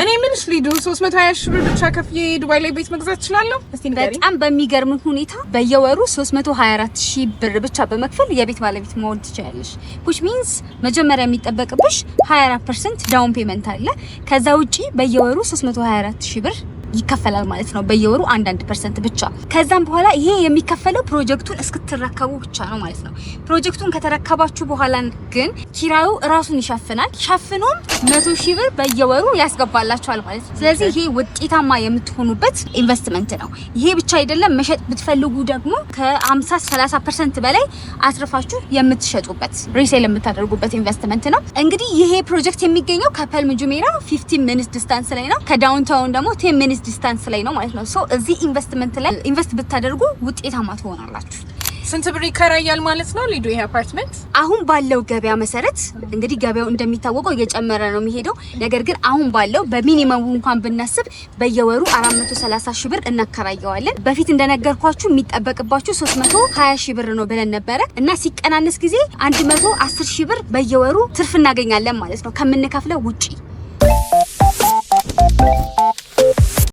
እኔ ምንሽ ሊዱ 320 ሺህ ብር ብቻ ከፍዬ ዱባይ ላይ ቤት መግዛት እችላለሁ? እስቲ ንገሪ። በጣም በሚገርም ሁኔታ በየወሩ 324 ሺህ ብር ብቻ በመክፈል የቤት ባለቤት መሆን ትችላለሽ። which means መጀመሪያ የሚጠበቅብሽ 24% ዳውን ፔመንት አለ። ከዛ ውጪ በየወሩ 324 ሺህ ብር ይከፈላል ማለት ነው። በየወሩ አንዳንድ ፐርሰንት ብቻ። ከዛም በኋላ ይሄ የሚከፈለው ፕሮጀክቱን እስክትረከቡ ብቻ ነው ማለት ነው። ፕሮጀክቱን ከተረከባችሁ በኋላ ግን ኪራዩ እራሱን ይሸፍናል። ሸፍኖም መቶ ሺህ ብር በየወሩ ያስገባላችኋል ማለት ነው። ስለዚህ ይሄ ውጤታማ የምትሆኑበት ኢንቨስትመንት ነው። ይሄ ብቻ አይደለም። መሸጥ ብትፈልጉ ደግሞ ከ50 30 ፐርሰንት በላይ አስርፋችሁ የምትሸጡበት ሪሴል የምታደርጉበት ኢንቨስትመንት ነው። እንግዲህ ይሄ ፕሮጀክት የሚገኘው ከፐልም ጁሜራ 15 ሚኒት ዲስታንስ ላይ ነው። ከዳውንታውን ደግሞ 10 ፌዝ ዲስታንስ ላይ ነው ማለት ነው። ሶ እዚህ ኢንቨስትመንት ላይ ኢንቨስት ብታደርጉ ውጤታማ ትሆናላችሁ። ስንት ብር ይከራያል ማለት ነው ሊዱ ይሄ አፓርትመንት? አሁን ባለው ገበያ መሰረት እንግዲህ ገበያው እንደሚታወቀው እየጨመረ ነው የሚሄደው። ነገር ግን አሁን ባለው በሚኒመሙ እንኳን ብናስብ በየወሩ 430 ሺህ ብር እናከራየዋለን። በፊት እንደነገርኳችሁ የሚጠበቅባችሁ 320 ሺህ ብር ነው ብለን ነበረ እና ሲቀናነስ ጊዜ 110 ሺህ ብር በየወሩ ትርፍ እናገኛለን ማለት ነው ከምንከፍለው ውጪ